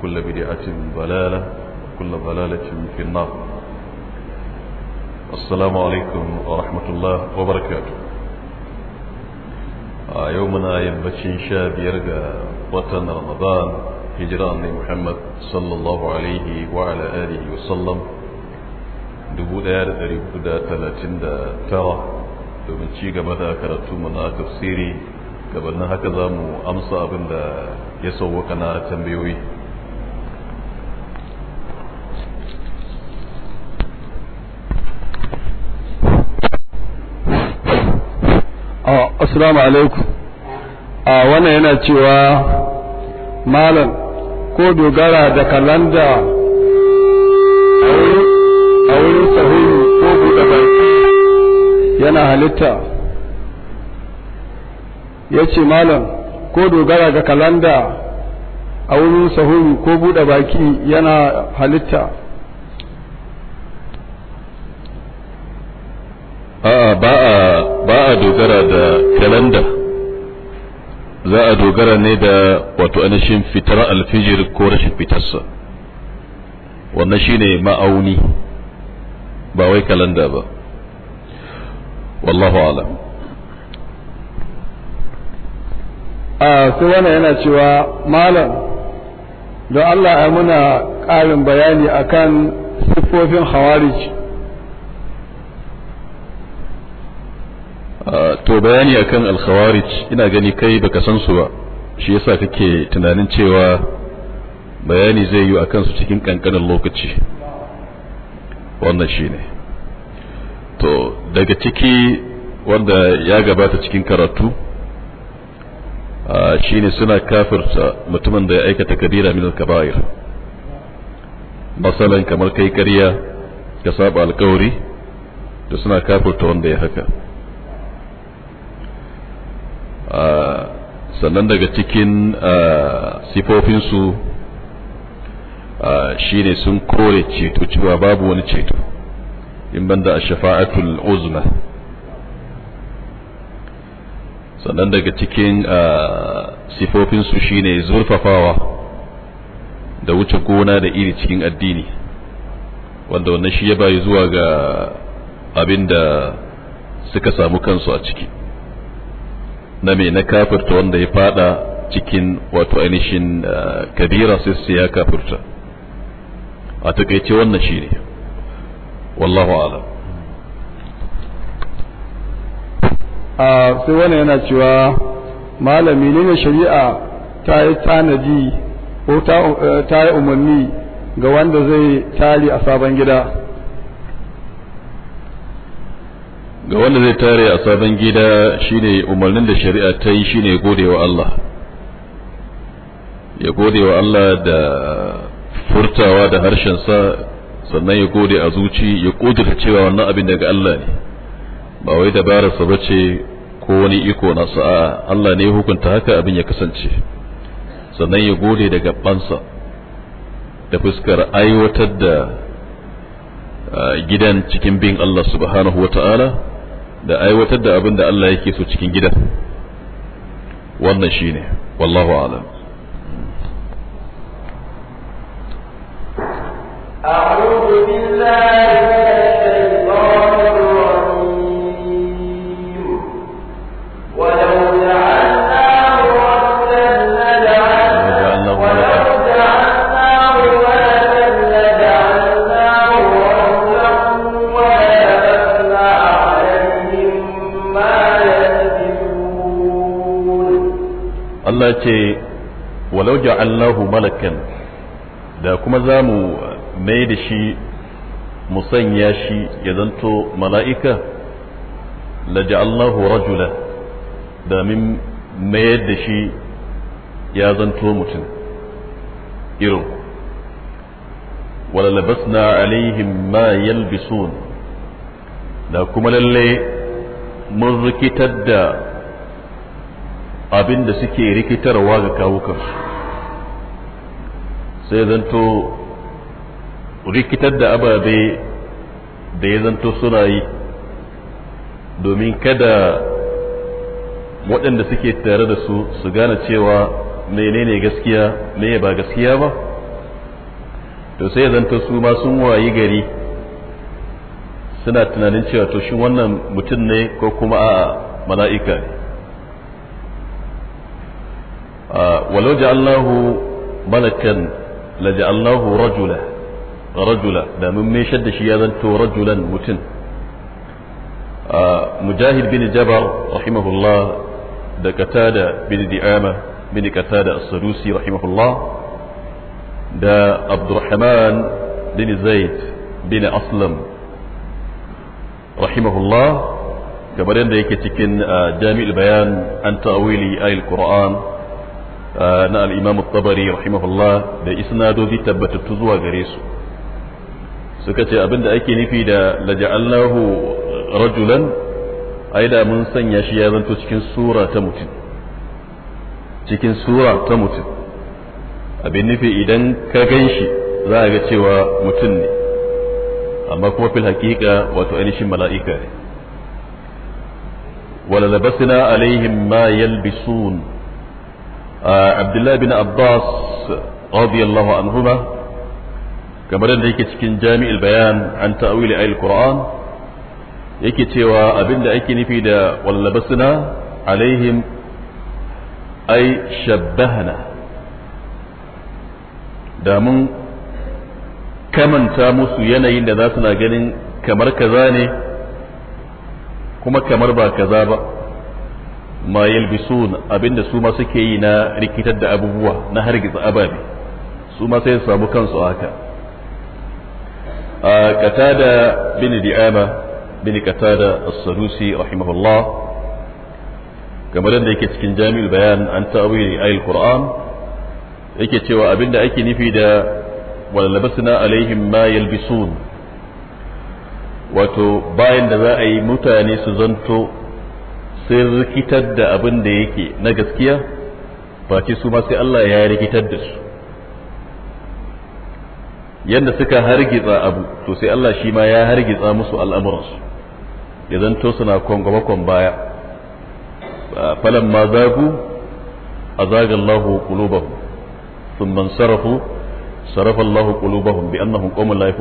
وكل بدعة ضلالة وكل ضلالة في النار السلام عليكم ورحمة الله وبركاته a yaumuna yammacin sha biyar ga watan ramadan hijira ne muhammad sallallahu alaihi wa ala alihi wa sallam 1439 domin ci gaba da karatu muna tafsiri gabanin haka za mu amsa abinda ya sauwaka na tambayoyi assalamu alaikum a wannan yana cewa malam ko dogara da kalanda a wurin sahihu ko buɗe baki yana halitta ya ce malam ko dogara da kalanda a wurin sahihu ko buɗe baki yana halitta dogara da kalanda za a dogara ne da wato ainihin fitar alfijir ko rashin fitarsa wannan shine ma'auni ba wai kalanda ba wallahu alam a wannan yana cewa malam don Allah ya muna ƙarin bayani akan siffofin hawarij to bayani akan alkhawarij ina gani kai baka san su ba shi yasa kake tunanin cewa bayani zai yi akan su cikin kankanin lokaci wannan shine to daga ciki wanda ya gabata cikin karatu shine suna kafirta mutumin da ya aikata kabira min al-kaba'ir masalan kamar kai karya ka saba alkawari da suna kafirta wanda ya haka Ah, sannan daga cikin ah, sifofinsu ah, shi ne sun kore ceto cewa babu wani ceto in banda a shafa'atul uzma sannan daga cikin sifofinsu shi ne zurfafawa da wuce gona da iri cikin addini wanda wannan shi ya bayi zuwa ga abin da suka samu kansu a ciki na mai na kafirta wanda ya fada cikin wato ainihin eh, kabira sai su ya kafirta a takaice wannan shi ne wallahu alam a sai wannan yana cewa malami ne na shari'a ta yi tanadi ko ta eh, yi umarni ga wanda zai tari a sabon gida ga wanda zai tare a sabon gida shine umarnin da shari'a ta yi shine gode wa Allah ya gode wa Allah da furtawa da harshensa sannan ya gode a zuci ya kudurta cewa wannan abin daga Allah ne ba wai dabararsa ba ce ko wani iko na sa'a Allah ne ya hukunta haka abin ya kasance sannan ya gode da gabansa da fuskar aiwatar da ah, gidan cikin bin Allah subhanahu wa ta'ala da aiwatar da abin da Allah yake so cikin gidan wannan shine wallahu alam أعوذ بالله ta'ala ce walau ja'allahu malakan da kuma za mu mai da shi mu sanya shi ya zanto mala'ika la ja'allahu rajula da min mayar da shi ya zanto mutum irin wala labasna alaihim ma yalbisun da kuma lalle mun rikitar da abin da suke rikitarwa ga kawukansu sai zanto rikitar da ababe da ya zanto suna yi domin kada waɗanda suke tare da su su gane cewa menene gaskiya me ba gaskiya ba to sai zanto su ma sun wayi gari suna tunanin cewa to shi wannan mutum ne ko kuma a mala'ika ne walau ja'alnahu malakan la ja'alnahu rajula rajula da mun meshar da shi ya zanto rajulan mutum mujahid bin jabar rahimahullah da katada bin di'ama bin katada as-sadusi rahimahullah da abdurrahman bin zaid bin aslam rahimahullah kamar yadda yake cikin jami'ul bayan an ta'wili ayil qur'an na al-imam rahimahullah da isnadozi tabbatattu zuwa gare su suka ce abinda ake nufi da laja'allahu rajulan ai da mun sanya shi ya zanto cikin sura ta mutum cikin sura ta mutum abin nufi idan ka gan shi za a ga cewa mutum ne amma kuma fil hakika wato ainihin mala'ika ne wala labasina alaihim ma yalbisun abdullahi bin abbas radiyallahu anhuma kamar da yake cikin jami'il bayan an ta'awili ayil qur'an yake cewa abin da ake nufi da wallabasna alaihim ai shabbahana da mun kamanta musu yanayin da za suna ganin kamar kaza ne kuma kamar ba kaza ba ma yalbisun abinda su ma suke yi na rikitar da abubuwa na hargitsa ababe su ma sai samu kansu aka. a katada bin di'ama bin katada as-sadusi rahimahullah kamar da yake cikin jami'ul bayan an ta'awili ayil qur'an yake cewa abinda ake nufi da walabasna alaihim ma yalbisun wato bayan da za a yi mutane su zanto sai rikitar da abin da yake na gaskiya baki su ma sai Allah ya rikitar da su yadda suka hargitsa abu to sai Allah shi ma ya hargitsa musu al'amuransu ya zanto suna kwangwamakon baya falan ma zagu a zagallahu qulubahum thumma sarafu sarafa Allah qulubahum bi annahum qawmun la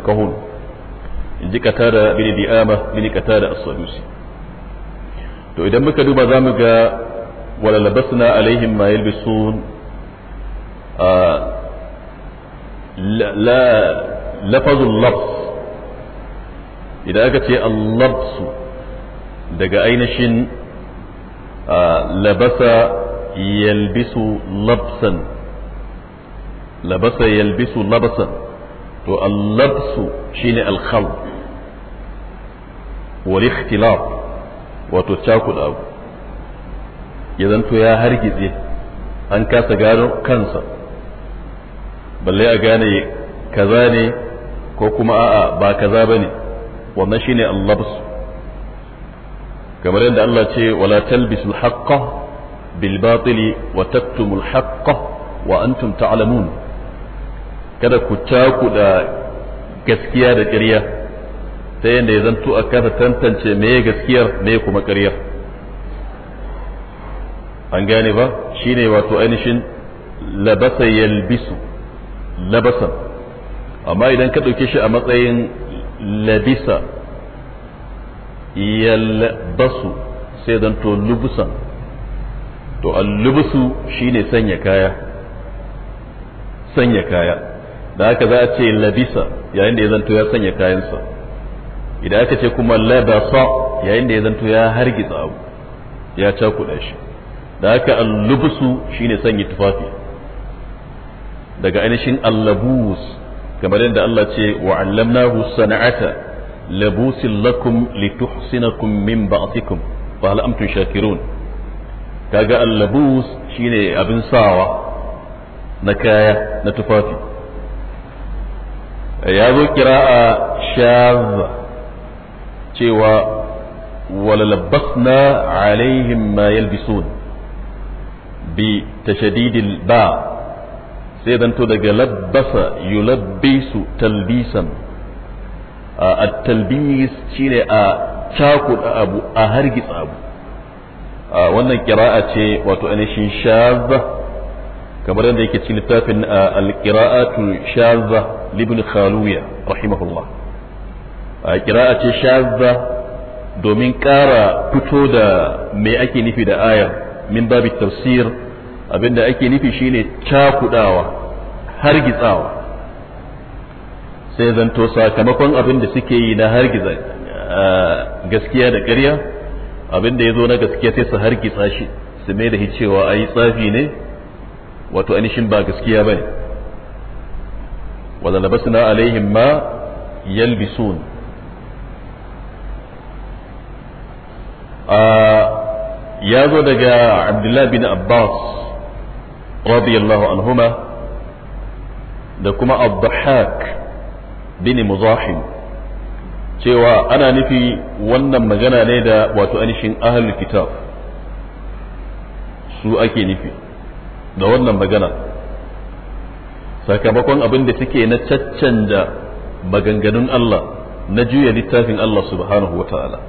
in ji kata da bin di'ama bin kata da as to idan muka duba za mu ga wala labasna alaihim ma yalbisun la lafazul labs idan aka ce allabsu daga ainihin labasa yalbisu labsan labasa yalbisu labasan to allabsu shine alkhal wal wato cakuɗa abu ya zanto ya hargitse an kasa gano kansa balle a gane kaza ne ko kuma a'a ba kaza ba ne wannan shine allabs kamar yadda Allah ce wala talbisul haqqa bil batili wa taktumul haqqa wa antum ta'lamun kada ku cakuɗa gaskiya da ƙarya ta yadda ya zanto a kasa tantance me gaskiyar me kuma ƙaryar an gane ba shine wato ainihin labasa yalbisu labasan amma idan ka ɗauke shi a matsayin labisa yalbasu sai zanto lubusan to allubusu shine sanya kaya sanya kaya da haka za a ce labisa yayin da ya zanto ya sanya kayansa idan aka ce kuma labasa yayin da ya zanto ya hargitsa abu ya cakuɗa shi da aka allubusu shine sanya tufafi daga ainihin allabus kamar yadda Allah ce wa allamnahu sana'ata labusin lakum lituhsinakum min ba'tikum fa hal antum shakirun kaga allabus shine abin sawa na kaya na tufafi ya zo a shazza cewa walalabasna alaihim ma yalbisun bi tashadidil ba sai zanto daga labbasa yulabbisu talbisan a talbis shi ne a cakuɗa abu a hargitsa abu wannan ƙira'a ce wato ainihin shaza kamar yadda yake cikin littafin al shaza libin khaluya rahimahullah a kira'a ce shazza domin ƙara fito da mai ake nufi da ayar min babi tafsir abinda ake nufi shine cakudawa hargitsawa sai zanto sakamakon abin da suke yi na hargitsa gaskiya da ƙarya abin ya zo na gaskiya sai su hargitsa shi su mai da shi cewa yi tsafi ne wato anishin ba gaskiya ba ne basu na alaihim ma yalbisun ya zo daga abdullah bin abbas radiyallahu anhuma da kuma abdahak bin muzahim cewa ana nufi wannan magana ne da wato ainihin ahlul kitab su ake nufi da wannan magana sakamakon abin da suke na caccanja maganganun Allah na juya littafin Allah subhanahu wa ta'ala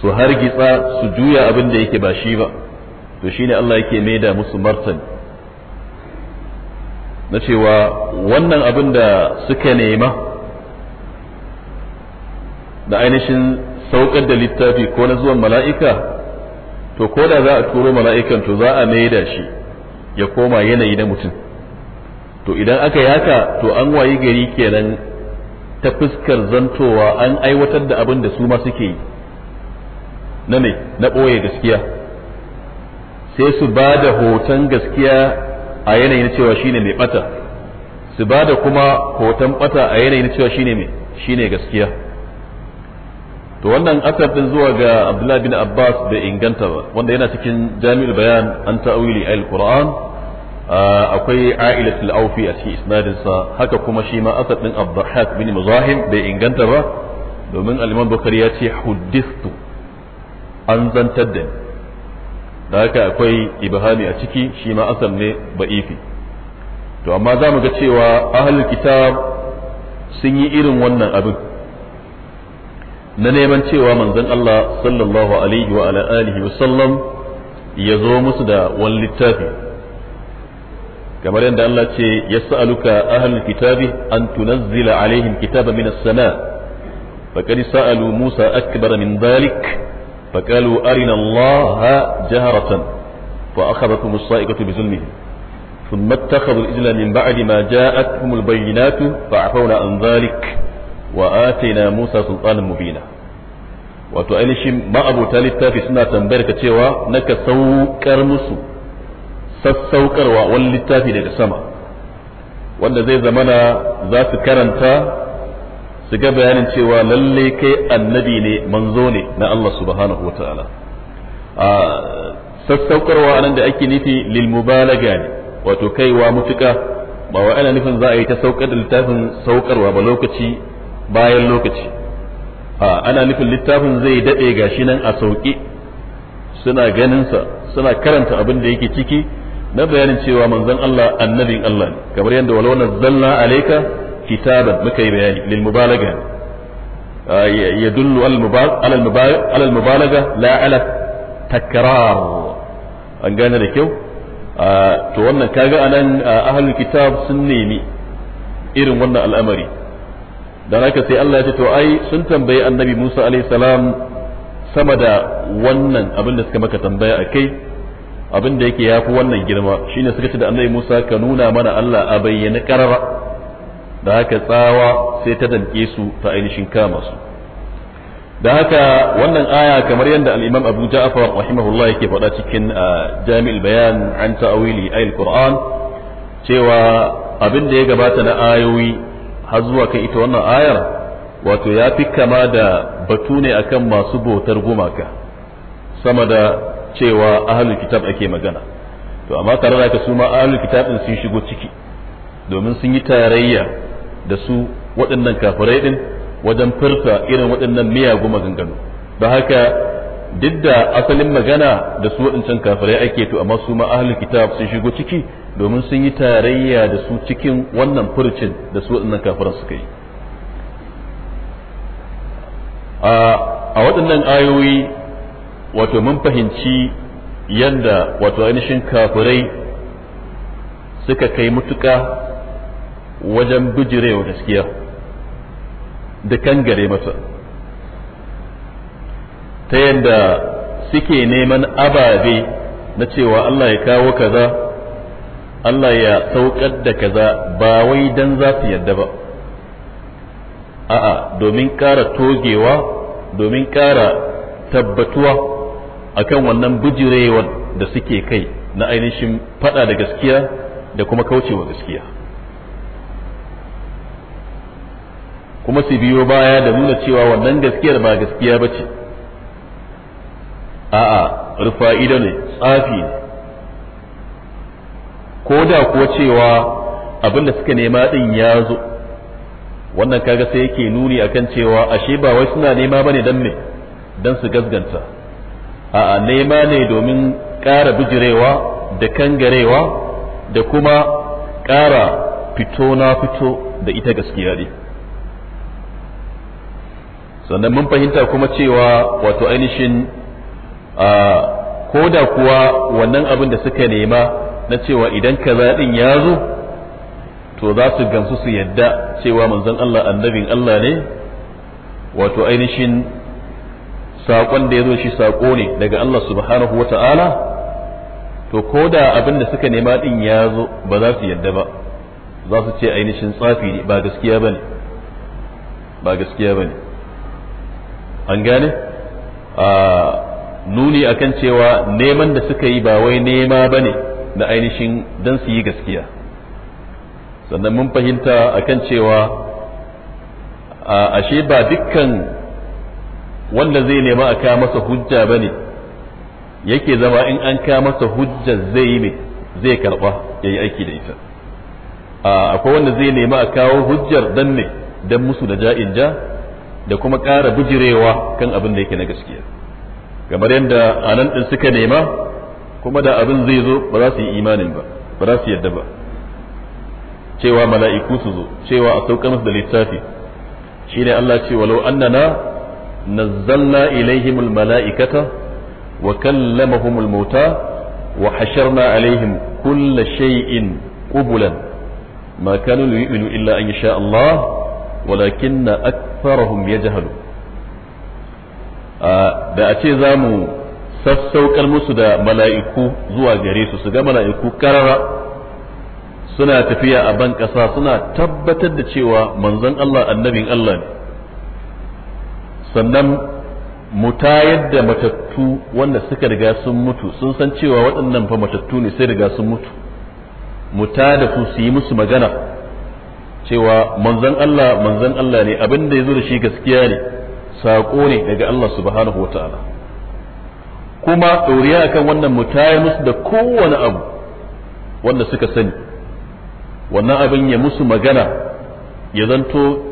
su hargitsa su juya abin da yake ba shi ba to shine Allah yake maida musu martani na cewa wannan abin da suka nema da ainihin saukar da littafi ko na zuwan mala'ika to ko da za a turo mala'ikan to za a maida shi ya koma yanayi na mutum to idan aka yi haka to an wayi gari kenan ta fuskar zantowa an aiwatar da abin da su ma suke yi na me na ɓoye gaskiya sai su ba da hoton gaskiya a yanayin cewa shine mai ɓata su ba da kuma hoton bata a yanayin cewa shine mai shine gaskiya to wannan asar din zuwa ga Abdullahi bin Abbas bai inganta ba wanda yana cikin Jami'ul Bayan an ta'wili al-Qur'an ah, akwai A'ilatul Awfi a cikin isnadin sa haka kuma shi ma asar din Abdullahi bin Muzahim bai inganta ba domin al-Imam Bukhari ya ce huddithu an zantar da ni da haka akwai ibhami a ciki shi ma asal ne ba'ifi to amma za mu ga cewa ahlul kitab sun yi irin wannan abin na neman cewa manzon Allah sallallahu alaihi wa ala alihi wa sallam ya zo musu da wani littafi kamar yadda Allah ce ya sa'aluka ahlul kitabi an tunazzila alaihim kitaba minas sama faqad sa'alu Musa akbar min dhalik فقالوا أرنا الله جهرة فأخذتهم الصائقة بظلمهم ثم اتخذوا الإجل من بعد ما جاءتهم البينات فعفونا عن ذلك وآتينا موسى سلطانا مبينا wato ainihin ma'abuta littafi suna tambayar ka cewa naka saukar musu sassaukarwa wani littafi daga sama wanda zai zamana za su karanta su ga bayanin cewa lalle kai annabi ne manzo ne na Allah subhanahu wa ta'ala a sassaukarwa nan da ake nufi lil mubalaga ne wato kaiwa mutuka ba wa ana nufin za a yi ta saukar da littafin saukarwa ba lokaci bayan lokaci a ana nufin littafin zai daɗe gashi nan a sauƙi suna ganinsa suna karanta abin da yake ciki na bayanin cewa manzon Allah annabin Allah ne kamar yadda walau zalla alaika. kitaban muka yi bayani lil mubalaga ah, yadullu ala al mubalaga la ala takrar an gane da kyau ah, to wannan kaga anan ah, ahlul kitab sun nemi irin wannan al'amari da haka sai Allah ya ce to ai sun tambayi annabi Musa alaihi sama da wannan abin da suka maka tambaya a kai abin da yake yafi wannan girma shine suka ce da annabi Musa ka nuna mana Allah a bayyana karara da haka tsawa sai ta danke su ta ainihin kama su da haka wannan aya kamar yadda al-imam Abu Ja'far rahimahullah yake faɗa cikin ah, Jami'ul Bayan an ta'awili ayil Qur'an cewa abin da ya gabata na ayoyi har zuwa kan ita wannan ayar wato ya fi kama da batu ne akan masu bautar gumaka sama da cewa ahlul kitab ake magana to amma tare da haka su ma ahlul kitab sun shigo ciki domin sun yi tarayya da su waɗannan kafirai din wajen furta irin waɗannan miyagu maganganu Da haka duk da asalin magana da su waɗancan kafirai ake to amma su ma ahlul kitab sun shigo ciki domin sun yi tarayya da su cikin wannan furcin da su waɗannan kafiran suka yi a waɗannan ayoyi wato mun fahimci yadda wato ainihin kafirai suka kai mutuka wajen bijirewa gaskiya da kan gare mata ta yadda suke neman ababe na cewa Allah ya kawo kaza Allah ya saukar da kaza ba wai don za su yadda ba a'a domin ƙara togewa domin ƙara tabbatuwa akan wannan bijirewar da suke kai na ainihin faɗa da gaskiya da kuma kaucewa gaskiya kuma su biyo baya da nuna cewa wannan gaskiyar ba gaskiya ba ce a'a rufa'ida ne tsafi ne ko da kuwa cewa abinda suka nema din ya zo wannan kaga sai yake nuni akan cewa ashe ba wai suna nema ba ne don me don su gasganta a'a nema ne domin ƙara bijirewa da kangarewa da kuma ƙara fito na fito da ita gaskiya ne sannan mun fahimta kuma cewa wato ainihin ko da kuwa wannan abin da suka nema na cewa idan kaza zaɗin ya zo to za su gamsu su yadda cewa manzon Allah annabin Allah ne wato ainihin saƙon da ya zo shi saƙo ne daga Allah subhanahu wa ta'ala to ko da abin da suka nema ɗin ya zo ba za su yadda ba za su ce ainihin tsafi ne ba gaskiya ba ne an gane nuni akan cewa neman da suka yi ba wai nema ba ne na ainihin don su yi gaskiya sannan mun fahimta akan cewa ashe ba dukkan wanda zai nema a kawo masa hujja ba ne yake zama in an kawo masa hujja zai yi zai karba ya yi aiki da ita akwai wanda zai nema a kawo hujjar dan ne don musu da ja'in ja da kuma ƙara bujirewa kan abin da yake na gaskiya kamar yadda anan din suka nema kuma da abin zai zo ba za su yi imanin ba ba za su yadda ba cewa mala'iku su zo cewa a sauƙa musu da littafi shine Allah ce walau annana nazzalna ilaihimul mala'ikata wa kallamahumul mauta wa hasharna alaihim kulla shay'in qubulan ma kanu yu'minu illa an yasha Allah walakin na ya yajhalu ah, da a ce za mu sassaukar musu da mala'iku zuwa gare su su ga mala'iku karara suna tafiya a ban ƙasa suna tabbatar da cewa manzon Allah annabin Allah ne sannan mu tayar da matattu wanda suka riga sun mutu sun san cewa waɗannan fa matattu ne sai riga sun mutu mu da su su yi musu magana cewa manzon Allah manzon Allah ne abin da ya zo da shi gaskiya ne saƙo ne daga Allah subhanahu wa ta'ala kuma ɗoriya akan wannan mu musu da kowane abu wanda suka sani wannan abin ya musu magana ya zanto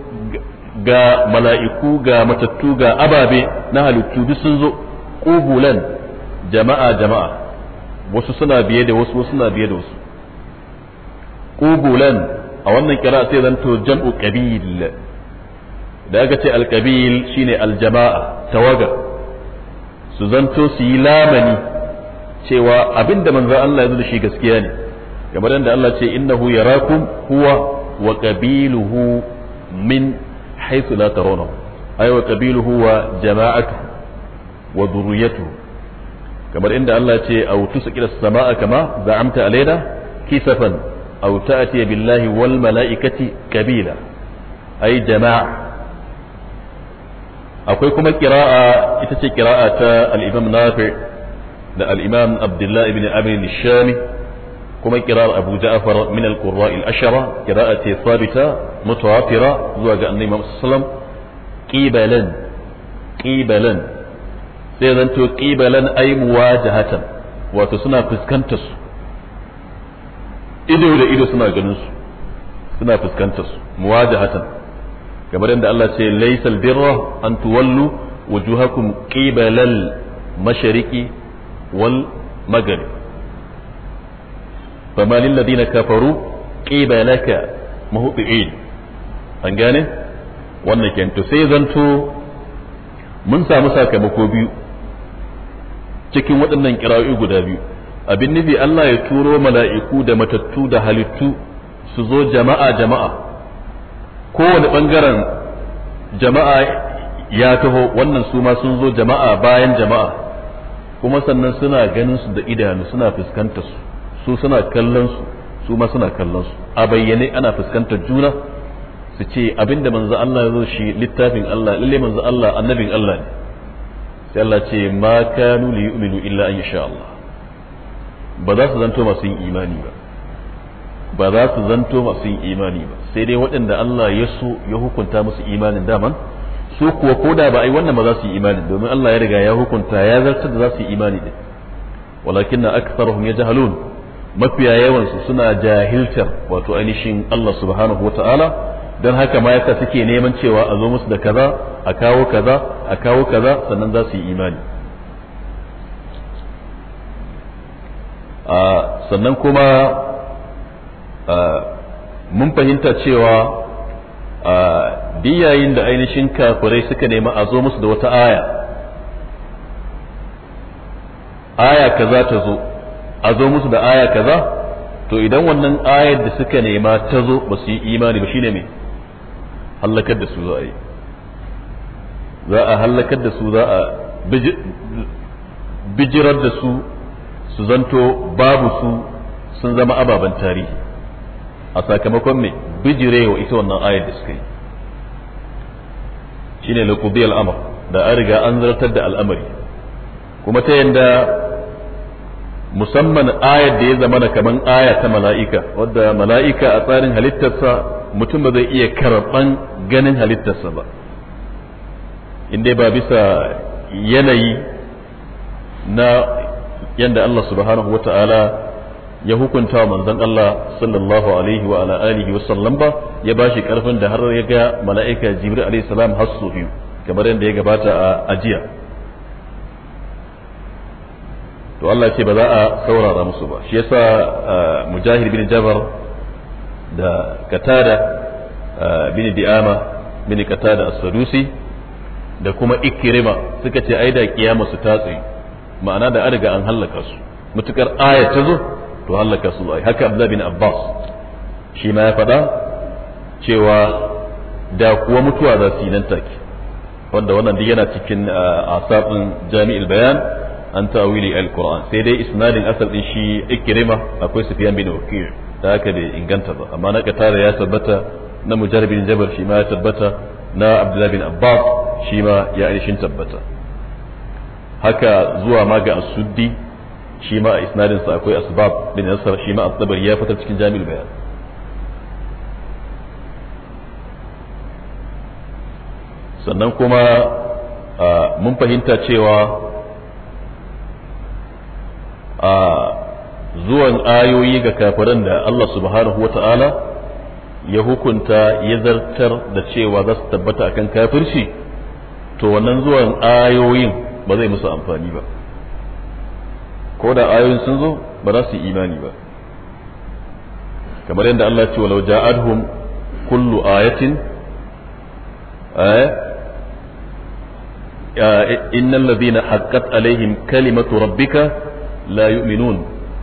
ga mala'iku ga matattu ga ababe na halittu duk sun zo ƙugulan jama'a jama'a wasu suna biye da wasu wasu suna biye da wasu ƙugulan a wannan kira sai zanto jam'u qabil da aka ce alqabil shine aljama'a tawaga su zanto su yi lamani cewa abinda manzon Allah ya zo da shi gaskiya ne kamar yadda Allah ce innahu yarakum huwa wa qabiluhu min haythu la tarawnahu ay wa qabiluhu wa jama'atuhu wa dhurriyyatuhu kamar inda Allah ce a tusqila as-sama'a kama za'amta alaina kisafan أو تأتي بالله والملائكة كبيلا أي جماعة أقول كما قراءة إتتي قراءة الإمام نافع الإمام عبد الله بن أمر الشامي كما قراءة أبو جعفر من القراء الأشرة قراءة ثابتة متواترة زوج النبي صلى الله عليه وسلم قيبلا قيبلا sai zanto ƙibalan ai muwajahatan wato suna fuskantar su ido da ido suna ganin su suna fuskantar su muwajahatan kamar yadda Allah ce laysal birra an tuwallu wujuhakum qibalal mashariqi wal maghrib fama lil ladina kafaru qibalaka muhti'in an gane wannan kenan to sai zanto mun samu sakamako biyu cikin waɗannan kira'o'i guda biyu abin nufi Allah ya turo mala'iku da matattu da halittu su zo jama'a jama'a kowane ɓangaren jama'a ya taho wannan su ma sun zo jama'a bayan jama'a kuma sannan suna ganin su da idanu suna fuskantar su su suna kallon su su ma suna kallon su a bayyane ana fuskantar juna su ce abinda manzo Allah ya zo shi littafin Allah lalle manzo Allah annabin Allah ne sai Allah ce ma kanu li yu'minu illa an yasha Allah ba za su zanto masu yin imani ba ba za su zanto masu yin imani ba sai dai waɗanda Allah ya so ya hukunta musu imanin daman su kuwa ko da ba ai wannan ba za su yi imani domin Allah ya riga ya hukunta ya zartar da za su yi imani din walakin na aktharuhum yajhalun mafiya yawan su suna jahiltar wato ainihin Allah subhanahu wataala dan haka ma yasa suke neman cewa a zo musu da kaza a kawo kaza a kawo kaza sannan za su yi imani sannan kuma mun fahimta cewa biyayin da ainihin kafirai suka nemi a zo musu da wata aya aya kaza ta zo a zo musu da aya kaza to idan wannan ayar da suka nema ta zo ba su yi imani ba shine me hallakar da su za a yi za a hallakar da su za a bijirar da su su zanto babu su sun zama ababen tarihi a sakamakon me wa ita wannan ayar da suka yi Shi ne laqubi al'amur da an riga an zartar da al'amari kuma ta yanda musamman ayar da ya zama na kamar aya ta mala'ika wadda mala'ika a tsarin halittarsa mutum ba zai iya karɓan ganin halittarsa ba inda ba bisa yanayi na yadda Allah subhanahu wa ta'ala ya hukunta manzon Allah sallallahu alaihi wa alihi wa sallam ba ya bashi karfin da har ya ga mala'ika Jibril alaihi salam har su biyu kamar yadda ya gabata a ajiya to Allah ce ba za a saurara musu ba shi yasa Mujahid bin Jabar da Katada bin Di'ama bin Katada as-Sadusi da kuma Ikrima suka ce ai da kiyama su ta ma'ana da an riga an hallaka su mutukar aya ta zo to hallaka su zai haka abdullahi bin abbas shi ma ya faɗa cewa da kuwa mutuwa za su yi nan take wanda wannan duk yana cikin asabin jami'il bayan an tawili al sai dai isnadin asal din shi ikrima akwai sufyan bin wakil da haka bai inganta ba amma na katara ya tabbata na mujarrabin jabar shi ma ya tabbata na abdullahi bin abbas shi ma ya ainihin tabbata haka zuwa ma ga asuddi shi ma a isnadinsa akwai asbab bin nasar shi ma at ya fitar cikin jami'ul bayan sannan kuma mun fahimta cewa a zuwan ayoyi ga kafiran da Allah subhanahu wa ta'ala ya hukunta ya zartar da cewa za su tabbata akan kafirci to wannan zuwan ayoyin ba zai musu amfani ba ko da ayoyin sun zo ba za su yi imani ba kamar yadda Allah ce walau ja'adhum kullu ayatin eh, innal ladhina haqqat alaihim kalimatu rabbika la yu'minun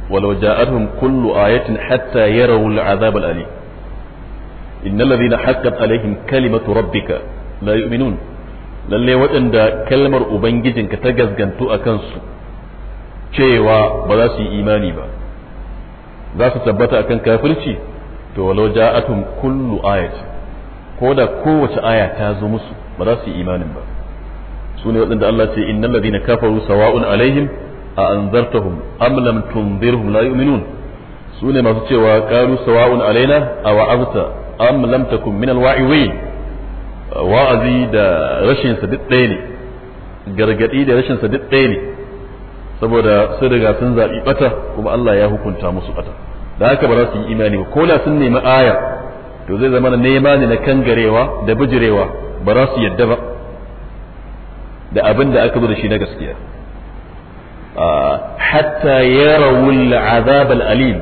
walau ja'adhum kullu ayatin hatta yarawu al'adhab al'alim innal ladhina haqqat alaihim kalimatu rabbika la yu'minun lalle waɗanda kalmar ubangijinka ta gazgantu a kansu cewa ba za su yi imani ba za su tabbata akan kafirci to walau ja'atun kullu ayat ko da kowace aya ta zo musu ba za su yi imanin ba su ne waɗanda Allah ce innal ladina kafaru sawa'un alaihim a anzartahum am lam tunzirhum la yu'minun su ne masu cewa qalu sawa'un alaina aw azta am lam takun min alwa'iwin wa'azi da rashin sa duk ɗaya ne gargadi da rashin sa duk ɗaya ne saboda sun riga sun zaɓi bata kuma Allah ya hukunta musu bata da haka ba za su yi imani ba ko da sun nemi aya to zai zama nema ne na kangarewa da bijirewa ba za su yadda ba da abin da aka zo da shi na gaskiya hatta ya rawul al alim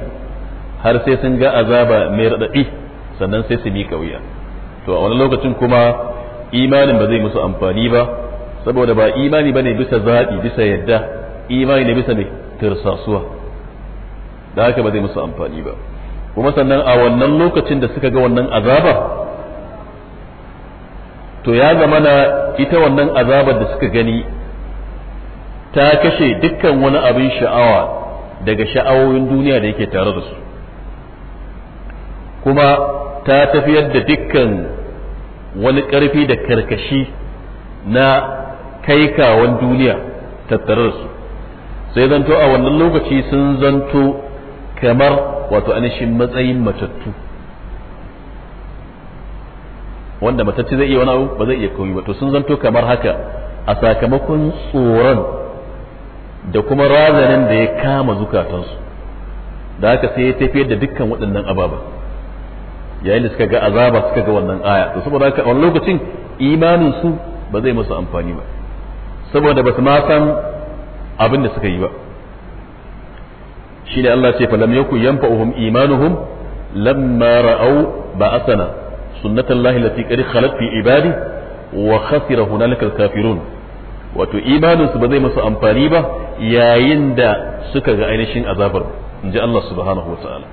har sai sun ga azaba mai raɗaɗi sannan sai su yi kauya to a wani lokacin kuma imanin ba zai musu amfani ba saboda ba imani bane bisa zaɓi bisa yadda imani ne bisa ne tirsasuwa da haka ba zai musu amfani ba kuma sannan a wannan lokacin da suka ga wannan azaba to ya zama na ita wannan azabar da suka gani ta kashe dukkan wani abin sha'awa daga sha'awoyin duniya da yake tare da su kuma ta tafiyar da dukkan wani ƙarfi da karkashi na kaikawan duniya tattare da su sai zanto a wannan lokaci sun zanto kamar wato anishin matsayin matattu wanda matacce zai iya wani abu ba zai iya komi ba to sun zanto kamar haka a sakamakon tsoron da kuma razanin da ya kama zukatansu da haka sai ya tafiyar da dukkan waɗannan ababen yayin da suka ga azaba suka ga wannan aya to saboda haka wannan lokacin imanin su ba zai musu amfani ba saboda ba su ma san abin da suka yi ba shine Allah ce falam yakun yanfa'uhum imanuhum lamma ra'aw ba'athana sunnatullahi allati qad khalat fi ibadi wa khasira hunalika al-kafirun wato imaninsu ba zai masu amfani ba yayin da suka ga ainihin azabar in ji Allah subhanahu wa ta'ala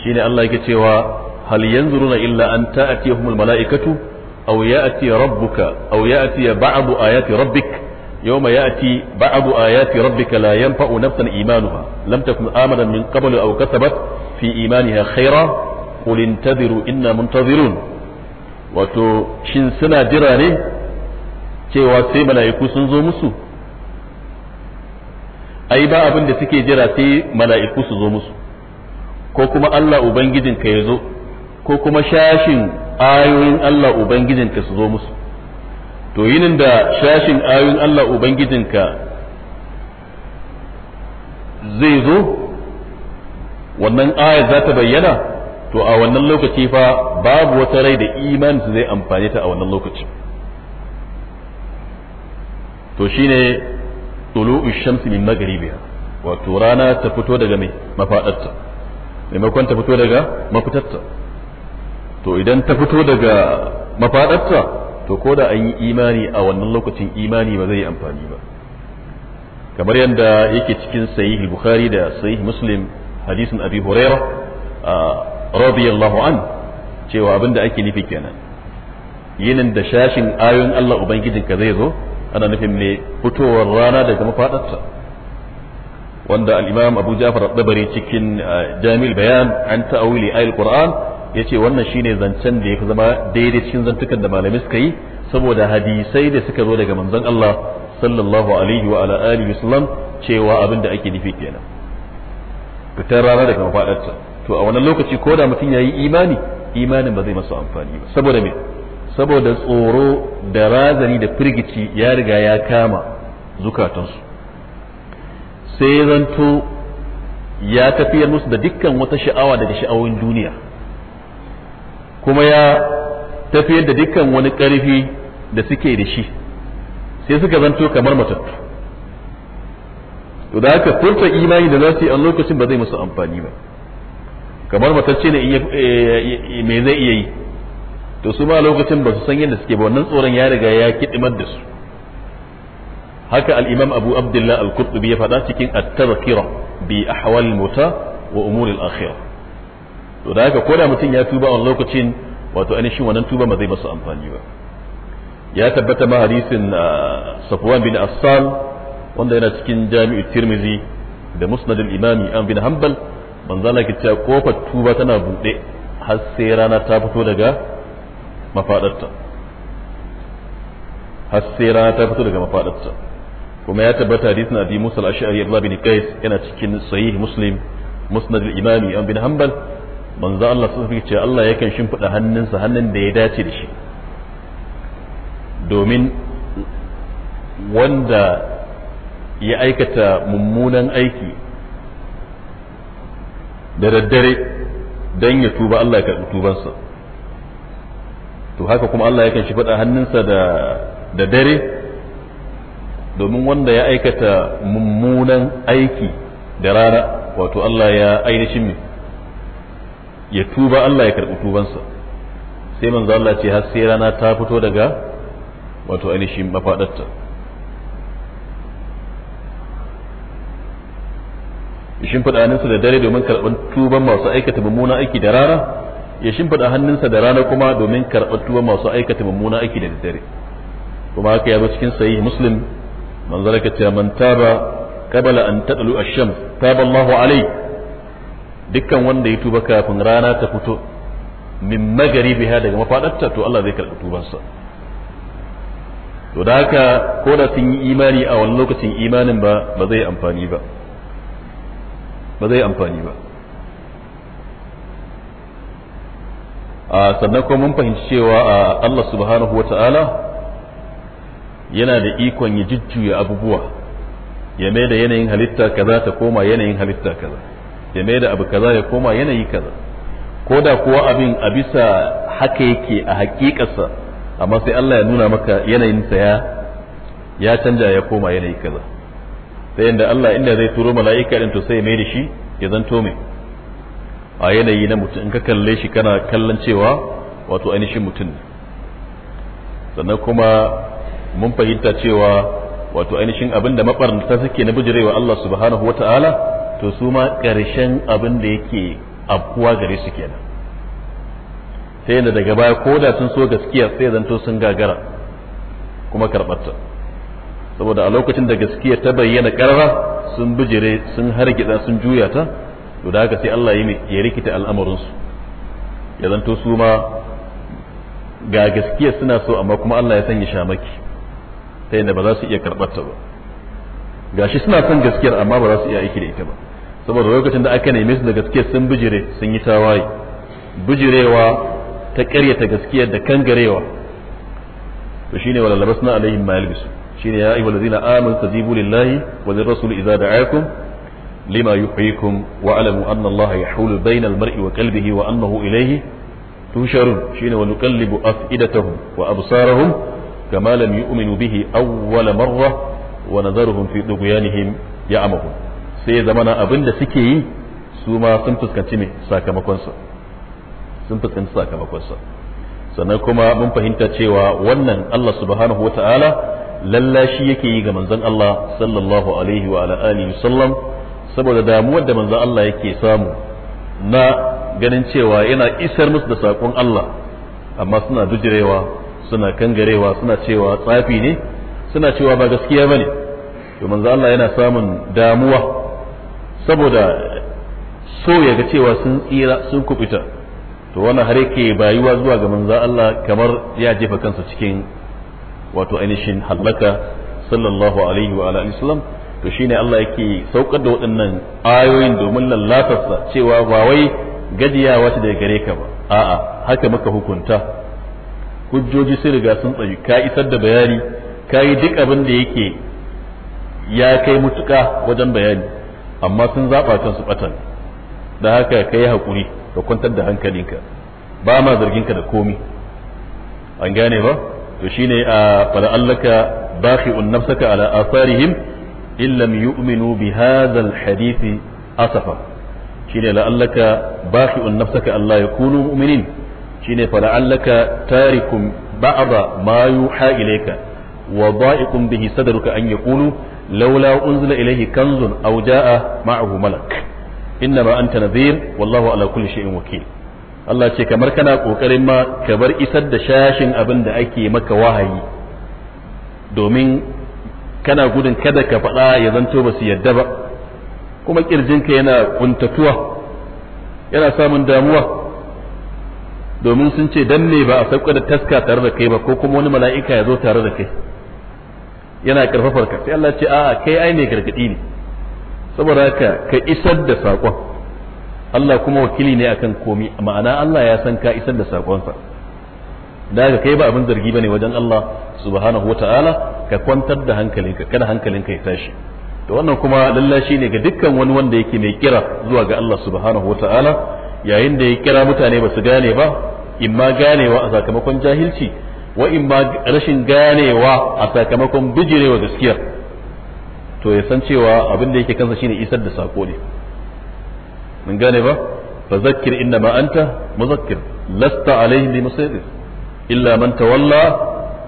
shi ne Allah yake cewa hal yanzuruna illa an ta'tiyahumul mala'ikatu aw ya'ti rabbuka aw ya'ti ba'du ayati rabbik yawma ya'ti ba'du ayati rabbika la yanfa'u nafsan imanuha lam takun amanan min qablu aw kasabat fi imaniha khaira qul intaziru inna muntazirun wato shin suna jira ne cewa sai mala'iku sun zo musu ai ba abin da suke jira sai mala'iku su zo musu ko kuma Allah Ubangijinka ya zo ko kuma shashin ayoyin Allah ubangijinka su zo musu to yinin da shashin ayoyin Allah ubangijinka zai zo wannan ayat za ta bayyana to a wannan lokaci fa babu wata rai da iman su zai amfane ta a wannan lokaci to shine tulu'u shamsi min maghribiha wato rana ta fito daga mai mafadarta maimakon ta fito daga mafitarta to idan ta fito daga mafadarta to ko da an yi imani a wannan lokacin imani ba zai yi amfani ba kamar yadda yake cikin sahih bukhari da sayi muslim hadisin abi huraira radiyallahu an cewa abinda ake nufi kenan yinin da shashin ayon Allah ubangijinka zai zo ana nufin mai fitowar rana daga mafadarta wanda al abu ja'far dabari cikin jami'ul bayan an ta'awili ayil qur'an ya ce wannan shine zancen da fi zama daidai cikin zantukan da malamai suka yi saboda hadisai da suka zo daga manzon Allah sallallahu alaihi wa ala alihi wasallam cewa abin da ake nufi kenan fitar rana daga mafadarta to a wannan lokaci ko da mutum yayi imani imanin ba zai masa amfani ba saboda me saboda tsoro da razani da firgici ya riga ya kama zukatansu sai zanto ya tafiyar musu da dukkan wata sha'awa daga sha'awun duniya kuma ya tafiyar da dukkan wani ƙarfi da suke da shi sai suka zanto kamar matattu to da haka furta imani da za su yi a lokacin ba zai musu amfani ba kamar matacce ne eh, eh, me zai iya yi to su ma lokacin ba su san yadda suke ba wannan tsoron ya riga ya kidimar da su haka al-imam abu abdullah al-qurtubi ya faɗa cikin at-tazkira bi ahwal muta wa umur al-akhirah to da haka koda mutum ya tuba wani lokacin wato ainihin wannan tuba ba zai masa amfani ba ya tabbata ma hadisin ah, safwan bin assal wanda yana cikin jami'u tirmizi da musnad imami an bin hanbal manzo Allah ya kofar tuba tana buɗe har sai rana ta fito daga mafadarta har sai rana ta fito daga mafadarta kuma ya tabbata hadisin abi musa ashari ibn qais yana cikin sahih muslim musnad al-imami an bin hanbal manzo Allah sun fi ce Allah yakan shimfiɗa hannunsa hannun da ya dace da shi domin wanda ya aikata mummunan aiki da daddare don ya tuba Allah ya karɓi tubansa to haka kuma Allah yakan shimfiɗa hannunsa da dare domin wanda ya aikata mummunan aiki da rana wato Allah ya ainihin ya tuba Allah ya karɓi tubansa sai manzo Allah ce har sai rana ta fito daga wato ainihin mafaɗarta ya shimfiɗa hannunsa da dare domin karɓar tuban masu aikata mummunan aiki da rana ya shimfiɗa hannunsa da rana kuma domin karɓar tuban masu aikata mummuna aiki da dare kuma haka ya bi cikin sahih muslim manzo Allah ce man taba qabla an tadlu ash-shams taba Allahu alayhi dukkan wanda ya tuba kafin rana ta fito min magari magaribiha daga mafadarta to Allah zai karɓi tubansa to da haka ko da sun yi imani a wani lokacin imanin ba ba zai amfani ba ba zai amfani ba a sannan kuma mun fahimci cewa a Allah subhanahu wata'ala yana da ikon ya jujjuya abubuwa ya mai da yanayin halitta kaza ta koma yanayin halitta kaza ya mai da abu kaza ya koma yanayi kaza ko da kuwa abin a bisa haka yake a hakikarsa amma sai Allah ya nuna maka yanayinsa ya ya canja ya koma yanayi kaza sai inda Allah inda zai turo mala'ika din to sai mai da shi ya zanto mai a yanayi na mutum in ka kalle shi kana kallon cewa wato ainihin mutum ne sannan kuma mun fahimta cewa wato ainihin abin da mabarnata suke na bijirewa Allah subhanahu wata'ala to su ma ƙarshen abin da yake afkuwa gare su kenan sai da daga baya ko da sun so gaskiya sai zanto sun gagara kuma karɓarta saboda a lokacin da gaskiya ta bayyana ƙarara sun bijire sun hargitsa sun juya ta to da haka sai Allah ya rikita al'amarinsu ya zanto su ma ga gaskiya suna so amma kuma Allah ya sanya shamaki sai da ba za su iya karɓarta ba gashi suna son gaskiyar amma ba za su iya aiki da ita ba saboda lokacin da aka neme su da gaskiyar sun bijire sun yi tawaye bijirewa ta karyata gaskiyar da kangarewa to shine wala labasna alaihim ma yalbisu shine ya ayyuhal ladzina amanu tajibu lillahi wa lir rasul idza da'akum lima yuhyikum wa alamu anna allaha yahulu bainal mar'i wa qalbihi wa annahu ilayhi تشر شين ونقلب أفئدتهم وأبصارهم كما لم يؤمنوا bihi أول مرة wa nazaruhum fi dughyanihim ya'mahu sai zamana abin da suke yi su ma sun fuskanci ne sakamakon sun fuskanci sakamakon sannan kuma mun fahimta cewa wannan Allah subhanahu wa ta'ala lalla shi yake yi ga manzon Allah sallallahu alaihi wa ala alihi sallam saboda damuwar da manzon Allah yake samu na ganin cewa yana isar musu da sakon Allah amma suna bijirewa suna kangarewa suna cewa tsafi ne suna cewa ba gaskiya ba ne. to manzo Allah yana samun damuwa saboda so ya ga cewa sun tsira sun kubuta to wannan har yake bayuwa zuwa ga manzo Allah kamar ya jefa kansa cikin wato ainihin halaka sallallahu alaihi wa alihi wasallam to shine Allah yake saukar da waɗannan ayoyin domin lallatarsa cewa ba wai gajiyawa ce daga gare ka ba a'a haka muka hukunta hujjoji sun riga sun tsayi ka isar da bayani ka yi duk abin da yake ya kai mutuka wajen bayani amma sun zaɓa kansu ɓatan da haka ka yi haƙuri ka kwantar da hankalinka ba ma zarginka da komi an gane ba to shine a fala'allaka bakhi'un nafsaka ala asarihim illam yu'minu bi hadha hadith asafa shine la'allaka bakhi'un nafsaka Allah yakunu mu'minin shine fala'allaka tarikum ba'da ma yuha ilayka wa da'iqun bihi sadruka an yaqulu laula unzila ilaihi, kanzun auja'a, jaa ma'ahu malak innama anta wallahu ala kulli shay'in wakil Allah ce kamar kana kokarin ma ka bar isar da sashin abin da ake maka wahayi domin kana gudun kada ka faɗa ya zanto ba su yadda ba kuma kirjinka yana kuntatuwa yana samun damuwa domin sun ce dan ne ba a sauka taska tare da kai ba ko kuma wani mala'ika ya zo tare da kai yana karfafar ka sai Allah ce a'a kai ai ne gargadi ne saboda ka isar da saƙon Allah kuma wakili ne akan komi ma'ana Allah ya san ka isar da saƙonsa da ka kai ba abin zargi bane wajen Allah subhanahu wata'ala ka kwantar da hankalinka kada hankalinka ya tashi to wannan kuma lallashi ne ga dukkan wani wanda yake mai kira zuwa ga Allah subhanahu wata'ala yayin da ya kira mutane ba su gane ba in ma ganewa a sakamakon jahilci wa in rashin ganewa a sakamakon bijirewa gaskiyar to ya san cewa abin da yake kansa shine isar da sako ne mun gane ba fa zakkir inna ma anta muzakkir lasta alaihim bi musaydir illa man tawalla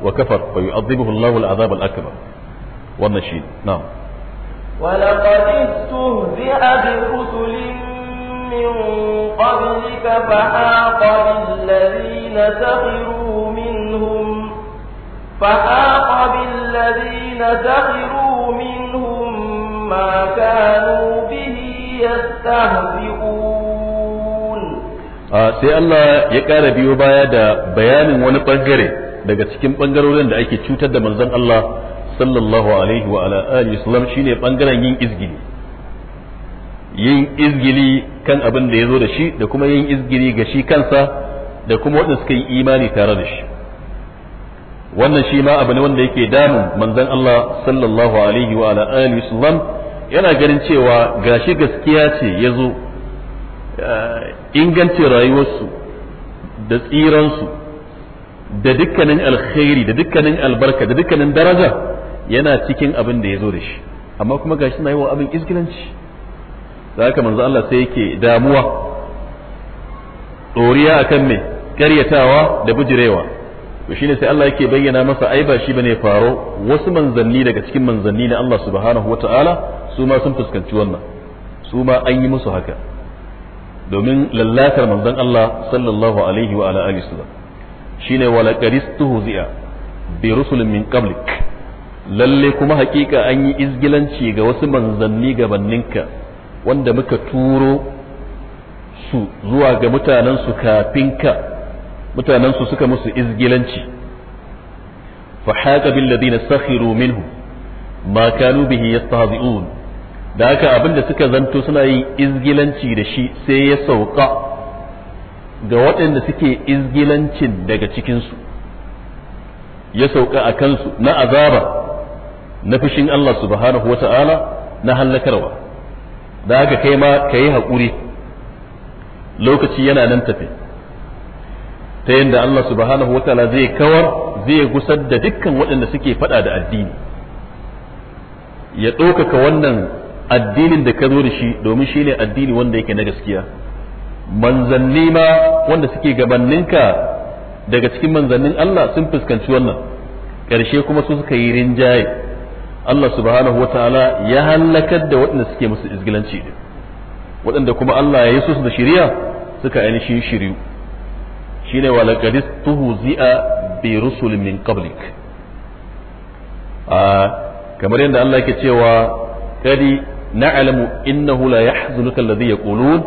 wa kafar fa yu'adhibuhu Allahu al al-akbar wannan shi na'am ولقد استهزئ برسل من قبلك فحاق بالذين سخروا منهم فحاق بالذين سخروا منهم ما كانوا به يستهزئون sai Allah ya ƙara biyo baya da bayanin wani ɓangare daga cikin ɓangarorin da ake cutar da manzon Allah sallallahu alaihi wa ala alihi wasallam shine ɓangaren yin izgini yin izgili kan abin da ya zo da shi da kuma yin izgili ga shi kansa da kuma waɗanda suka yi imani tare da shi wannan shi ma abu ne wanda yake damun manzon Allah sallallahu alaihi wa ala alihi sallam yana ganin cewa gashi gaskiya ce ya zo eh, ingancin rayuwarsu da tsiransu da dukkanin alkhairi da dukkanin albarka da dukkanin daraja yana cikin abin da ya zo da shi amma kuma gashi na yi wa abin izgilanci da haka manzo Allah sai yake damuwa tsoriya akan me karyatawa da bujirewa to shine sai Allah yake bayyana masa ai ba shi bane faro wasu manzanni daga cikin manzanni na Allah subhanahu wataala su ma sun fuskanci wannan su ma an yi musu haka domin lallatar manzon Allah sallallahu alaihi wa ala alihi wasallam shine wala qaristuhu zi'a bi rusulin min qablik lalle kuma hakika an yi izgilanci ga wasu manzanni banninka. wanda muka turo su zuwa ga mutanensu kafin ka mutanensu suka musu izgilanci fa haka bil ladina sakhiru minhu ma kanu bihi yastahzi'un da haka abinda suka zanto suna yin izgilanci da shi sai ya sauka ga waɗanda suke izgilancin daga cikinsu ya sauka a kansu na azaba na fushin Allah subhanahu wata'ala na hallakarwa da haka kai ma ka yi haƙuri lokaci yana nan tafe ta yadda Allah subhanahu wa ta'ala zai kawar zai gusar da dukkan waɗanda suke faɗa da addini ya ɗaukaka wannan addinin da ka zo da shi domin shi ne addini wanda yake na gaskiya manzanni ma wanda suke gabanninka daga cikin manzannin Allah sun fuskanci wannan ƙarshe kuma su suka yi rinjaye Allah subhanahu wa ta'ala ya hallakar da waɗanda suke musu izgilanci ne waɗanda kuma Allah ya yi su da shiriya suka shi shiriyu shine wa laqadis tuhzi'a bi rusul min qablik kamar yadda Allah yake cewa kadi na'lamu innahu la yahzunuka alladhi yaqulun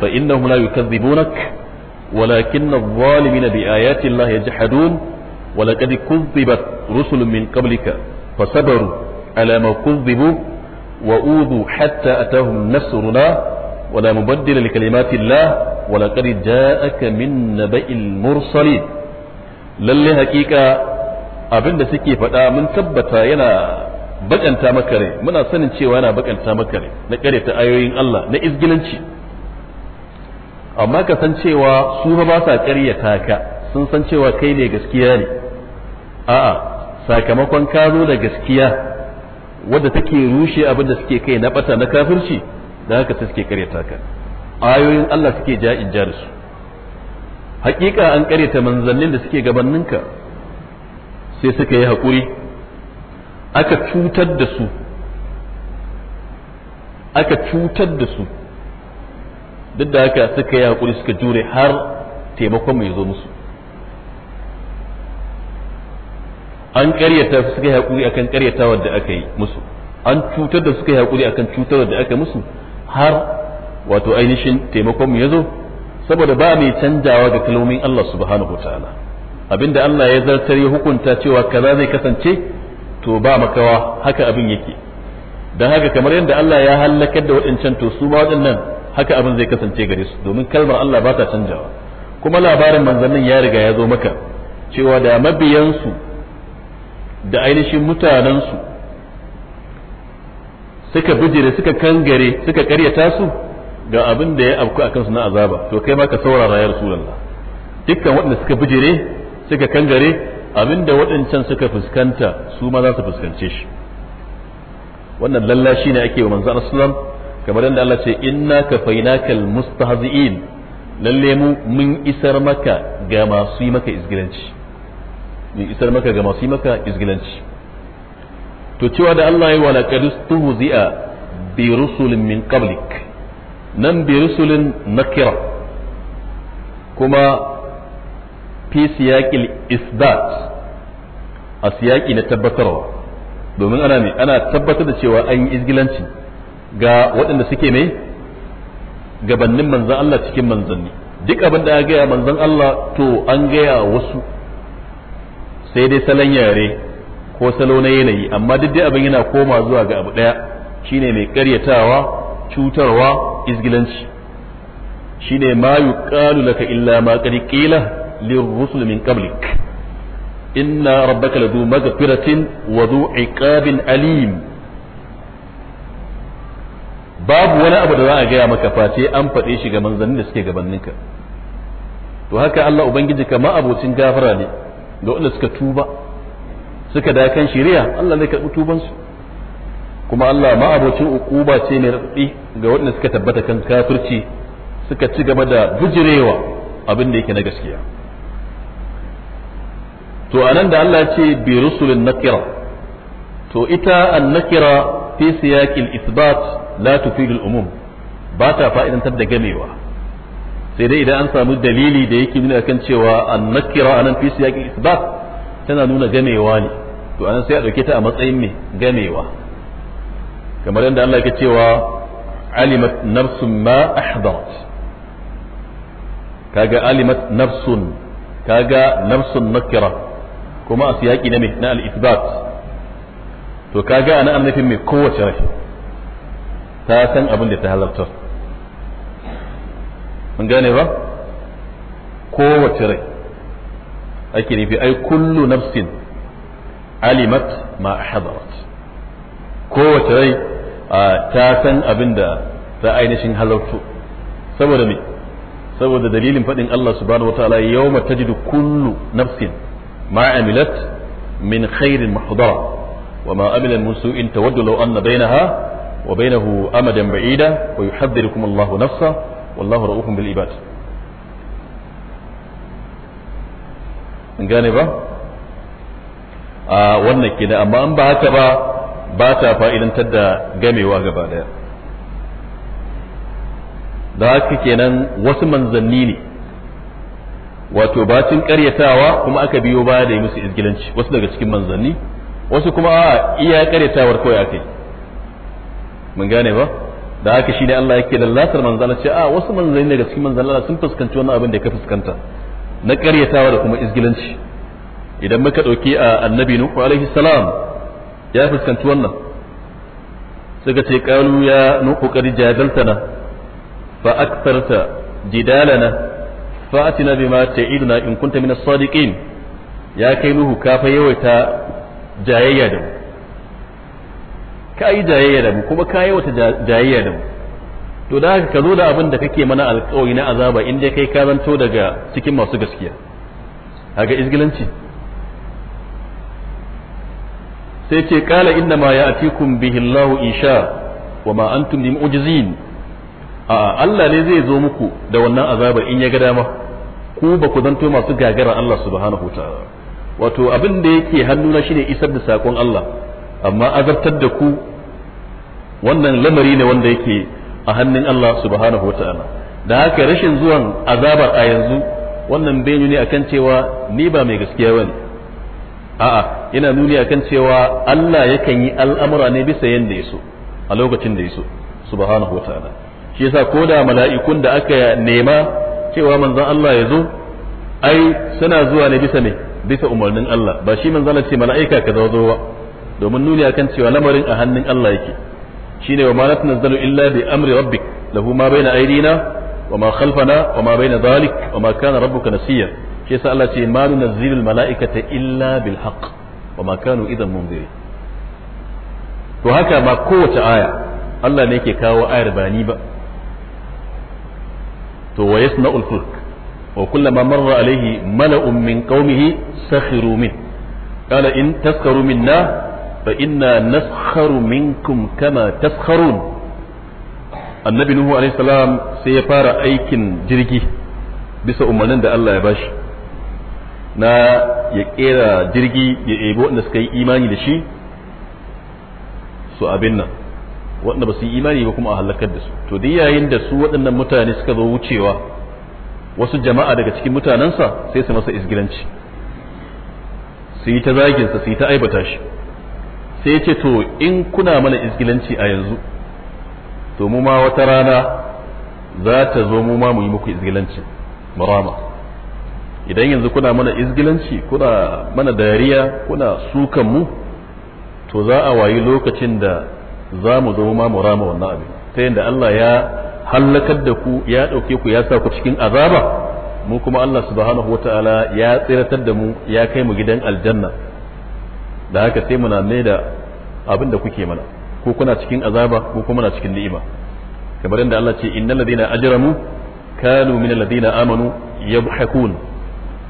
fa innahum la yukadhibunak ولكن الظالمين بآيات الله يجحدون ولقد كذبت رسل من قبلك فصبروا على ما كذبوا وأوذوا حتى أتاهم نصرنا ولا مبدل لكلمات الله ولقد جاءك من نبأ المرسلين lalle hakika abin da suke faɗa mun tabbata yana bakanta maka rai muna sanin cewa yana bakanta maka rai na ta ayoyin Allah na izgilanci amma ka san cewa su ba sa ƙaryata ka sun san cewa kai ne gaskiya ne a'a sakamakon ka zo da gaskiya wadda take rushe abin da suke kai na bata na kafirci da haka sai suke karyata ka ayoyin Allah suke ja in hakika an karyata manzannin da suke gabaninka sai suka yi haƙuri aka cutar da su aka cutar da su duk da haka suka yi hakuri suka jure har taimakon mai zo musu an karyata suka yi hakuri akan karyatawar da aka yi musu an cutar da suka yi hakuri akan cutar da aka musu har wato ainihin taimakon mu yazo saboda ba mai canjawa ga kalmomin Allah subhanahu wataala abinda Allah ya zartar ya hukunta cewa kaza zai kasance to ba makawa haka abin yake dan haka kamar yadda Allah ya halakar da waɗancan to su ba waɗannan haka abin zai kasance gare su domin kalmar Allah ba ta canjawa kuma labarin manzannin ya riga ya zo maka cewa da mabiyansu da ainihin mutanensu suka bijire suka kangare suka karyata su ga abin da ya abku a kansu na azaba to kai ma ka saurara ya rasulullah dukkan waɗanda suka bijire suka kangare abin da waɗancan suka fuskanta su ma za su fuskance shi wannan lallashi ne ake wa manzo sallam kamar yadda Allah ce inna fainakal mustahzi'in lalle mu mun isar maka ga masu yi maka izgiranci bai isar maka ga masu maka izgilanci to cewa da Allah ya wala kadustuhu zi'a bi rusulin min qablik nan bi rusulin nakira kuma fi siyaqil isbat a siyaqi na tabbatarwa domin ana ne ana tabbatar da cewa an yi izgilanci ga waɗanda suke mai gabannin manzan Allah cikin manzanni duk abin da ya gaya manzan Allah to an gaya wasu sai dai salon yare ko salo na yanayi amma duk dai abin yana koma zuwa ga abu ɗaya shine mai ƙaryatawa cutarwa izgilanci shine ma yuqalu laka illa ma qad qila lirrusul min qablik inna rabbaka ladu maghfiratin wa du iqabin alim babu wani abu da za a gaya maka face an faɗe shi ga manzannin da suke gabaninka to haka Allah ubangiji kama abocin gafara ne Ga wanda suka tuba suka da kan shari'a Allah zai karɓi tubansu kuma Allah ma abocin ukuba ce mai raɗaɗi ga waɗanda suka tabbata kan kafirci suka ci gaba da bujirewa abin da yake na gaskiya to anan da Allah ce bi rusulin nakira to ita an nakira fi siyaqil isbat la tufidul umum ba ta fa'idantar da gamewa sai dai idan an samu dalili da yake nuna kan cewa an nakira anan fi siyaqi isbat tana nuna gamewa ne to anan sai a dauke ta a matsayin ne gamewa kamar yadda Allah yake cewa alimat nafsun ma ahdarat kaga alimat nafsun kaga nafsun nakira kuma a siyaqi ne na al-isbat to kaga anan annafin mai kowace rai ta san abin da ta halartar an gane ba kowace rai ake nufi ai kullu nafsin alimat ma hadarat kowace rai ta san abin da ta ainihin halartu saboda me saboda dalilin faɗin Allah subhanahu wa ta'ala yawma tajidu kullu nafsin ma amilat min khairin mahdara وما عمل من سوء تود لو أن بينها وبينه أمدا بعيدا ويحذركم الله نفسه wallahu ra'ukum bil ibad an gane ba a wannan kenan amma an ba haka ba ba ta fa'idantar da gamewa gaba daya da haka kenan wasu manzanni ne wato bacin karyatawa kuma aka biyo ba da yi musu izgilanci wasu daga cikin manzanni wasu kuma a iya karyatawar kawai aka yi mun gane ba da haka shi ne Allah yake lallatar manzana ce a wasu manzanni daga cikin manzala sun fuskanci wannan abin da ka fuskanta na karyatawa da kuma izgilanci idan muka ɗauki a annabi nuhu alaihi salam ya fuskanci wannan suka ce kalu ya nuhu qad jadaltana fa aktharta jidalana fa atina bima ta'iduna in kunta min as-sadiqin ya kai nuhu ka fa yawaita jayayya da mu ka yi jayayya da mu kuma ka yi wata jayayya da mu to da haka ka zo da abin da kake mana alƙawari na azaba in dai kai ka zanto daga cikin masu gaskiya haga izgilanci sai ce kala inna ma ya'tikum bihi Allahu isha wa ma antum bi mu'jizin a Allah ne zai zo muku da wannan azabar in ya ga dama ku ba ku zanto masu gagara Allah subhanahu wa wato abin da yake hannu na shine isar da sakon Allah amma azabtar da ku wannan lamari ne wanda yake a hannun Allah subhanahu wa ta'ala da haka rashin zuwan azabar a yanzu wannan benu ne akan cewa ni ba mai gaskiya bane a'a ina nuni akan cewa Allah yakan yi al'amura ne bisa yanda ya so a lokacin da ya so subhanahu wa ta'ala shi yasa ko da mala'ikun da aka nema cewa manzon Allah ya zo ai suna zuwa ne bisa ne bisa umarnin Allah ba shi manzon Allah ce mala'ika ka zo ba domin nuni akan cewa lamarin a hannun Allah yake shine wa ma natazzalu illa bi amri rabbik lahu ma baina aydina wa ma khalfana wa ma baina dhalik wa ma kana rabbuka nasiya shi yasa Allah ce ma nunazzilu al malaikata illa bil haqq wa ma kanu idan munziri to haka ba kowace aya Allah ne yake kawo ayar ba ni ba to wa yasna'ul fulk wa kullama marra alayhi mala'un min qaumihi sakhiru min qala in taskaru minna fa inna naskharu minkum kama annabi nuhu alaihi salam sai ya fara aikin jirgi bisa umarnin da Allah ya bashi na ya kera jirgi ya ebo wanda suka yi imani da shi su abin nan waɗanda ba su yi imani ba kuma a halakar da su to duk yayin da su waɗannan mutane suka zo wucewa wasu jama'a daga cikin mutanensa sai su masa isgilanci su yi ta zaginsa su yi ta aibata shi sai ce to in kuna mana izgilanci a yanzu to mu ma wata rana za ta zo mu ma mu yi muku izgilanci marama idan yanzu kuna mana izgilanci kuna mana dariya kuna sukan mu to za a wayi lokacin da za mu zo ma mu rama wannan abin ta yadda Allah ya hallakar da ku ya ɗauke ku ya sa ku cikin azaba mu kuma Allah subhanahu ta'ala ya tsiratar da mu ya kai mu gidan aljanna da haka sai muna mai da abin da kuke mana ko kuna cikin azaba ko kuma na cikin ni'ima kamar yadda Allah ce innal ladina ajramu kanu min alladina amanu yabhakun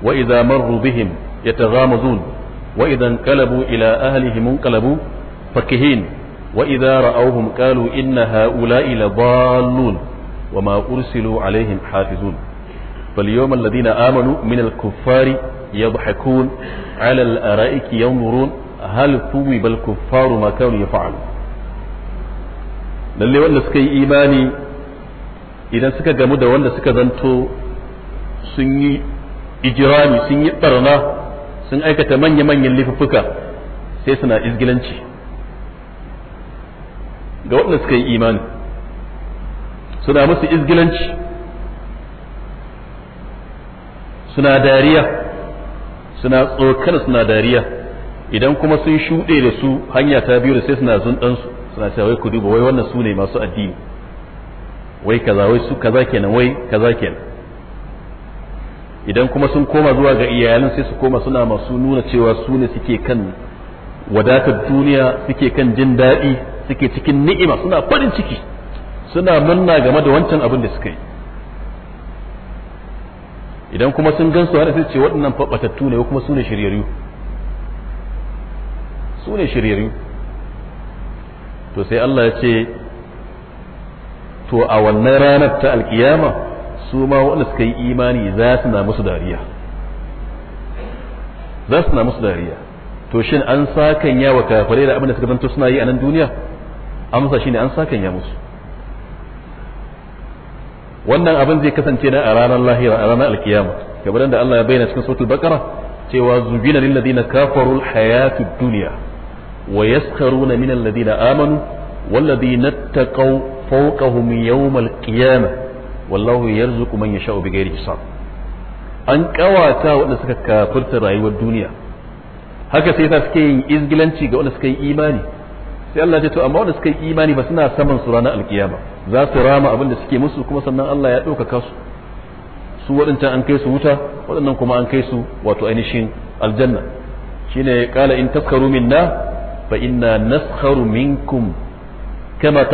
wa idza marru bihim yataghamazun wa idza inqalabu ila ahlihim inqalabu fakihin wa idza ra'awhum qalu inna ha'ula'i ladallun wa ma ursilu alaihim hafizun فاليوم الذين آمنوا من الكفار يضحكون على الأرائك ينظرون hal tuwi bal kuffaru ma kanu yaf'alu lalle wanda suka yi imani idan suka gamu da wanda suka zanto sun yi ijirami sun yi barna sun aikata manya-manyan lifuffuka sai suna izgilanci ga wanda suka yi imani suna musu izgilanci suna dariya suna tsokar suna dariya idan kuma sun shuɗe da su hanya ta biyu da sai suna zunɗansu suna cewa wai ku duba wai wannan su ne masu addini wai kaza wai su kaza kenan wai kaza kenan idan kuma sun koma zuwa ga iyalan sai su koma suna masu nuna cewa su ne suke kan wadatar duniya suke kan jin daɗi suke cikin ni'ima suna farin ciki suna manna game da wancan abin da suka yi idan kuma sun gan su har sai ce waɗannan faɓatattu ne kuma su ne shiryayyu su ne shiryayyu to sai Allah ya ce to a wannan ranar ta alkiyama su ma waɗanda suka yi imani za su na musu dariya za su na musu dariya to shin an sa sakanya wa kafirai da abin da suka zanto suna yi a nan duniya amsa shine an sa kan sakanya musu wannan abin zai kasance na a ranar lahira a ranar alkiyama kamar da Allah ya bayyana cikin suratul baqara cewa zubina lil ladina kafaru al hayatud dunya wa yaskaruna min alladhina amanu والذين اتقوا فوقهم يوم القيامة والله يرزق من يشاء بغير حساب an ƙawata waɗanda suka kafirta rayuwar duniya haka sai ta suke yin izgilanci ga waɗanda suka yi imani sai Allah ya to amma waɗanda suka yi imani ba suna saman su ranar alkiyama za su rama abin da suke musu kuma sannan Allah ya ɗaukaka su su waɗancan an kai su wuta waɗannan kuma an kai su wato ainihin aljanna shine qala in taskaru na. fa inna naskharu minkum kama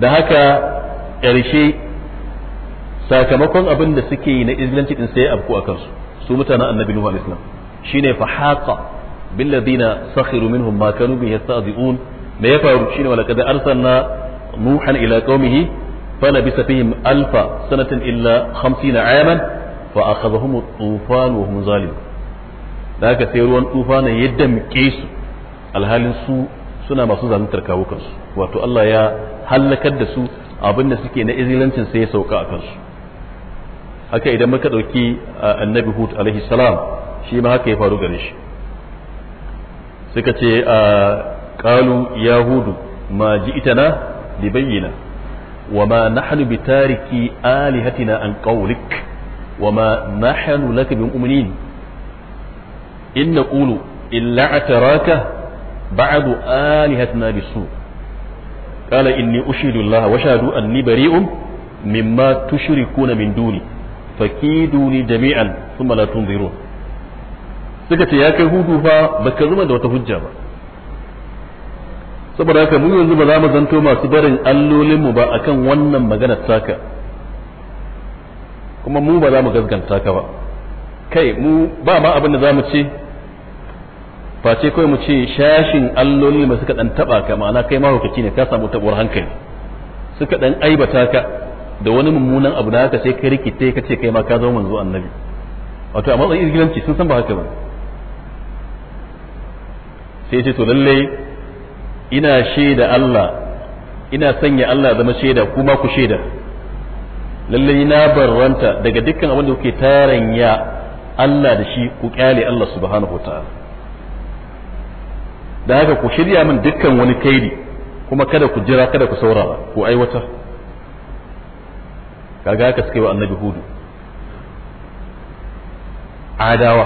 da haka ƙarshe sakamakon abin da suke yi na izlanci din sai abku a su su mutanen annabi nuhu alaihi shine fa haqa bil ladina sakhiru minhum ma kanu bi yasta'dun me ya faru shine wala kad arsalna nuhan ila qaumihi فلبث فيهم ألف سنة إلا خمسين عاما فأخذهم الطوفان وهم ظالمون da haka sai ruwan tufa ne ya damƙe su alhalin su suna masu zantar kawo kansu wato Allah ya hallakar da su abin da suke na izilancin sai ya sauka a kansu haka idan muka ɗauki annabi hud alaihi salam shi ma haka ya faru gare shi suka ce a ƙalu yahudu ma ji itana libayyina wa ma nahnu bi tariki alihatina an qawlik wa ma nahnu laka bi mu'minin in ƙulu illa ataraka ba'du alihatna bisu Kala inni ushidu wa shahadu anni bari'un mimma tushrikuna min duni fakiduni jami'an thumma la tunzirun suka ce ya kai hudu fa baka zuma da wata hujja ba saboda haka mu yanzu ba za mu zanto masu barin allolinmu ba akan wannan maganar taka kuma mu ba za mu gaskanta ka ba kai mu ba ma abin da za mu ce face kawai mu ce shashin alloli mai suka dan taba ka ma'ana kai mahaukaci ne ka samu tabuwar hankali suka dan aibata ka da wani mummunan abu da haka sai ka rikice ka ce kai ma ka zama manzo annabi wato a matsayin irgilanci sun san ba haka ba sai ce to lalle ina shaida Allah ina sanya Allah zama shaida kuma ku shaida lalle na barranta daga dukkan abin da kuke taranya Allah da shi ku kyale Allah subhanahu wataala da haka ku shirya min dukkan wani kaidi kuma kada ku jira kada ku saurara ku aiwatar kaga haka suka yi wa annabi hudu adawa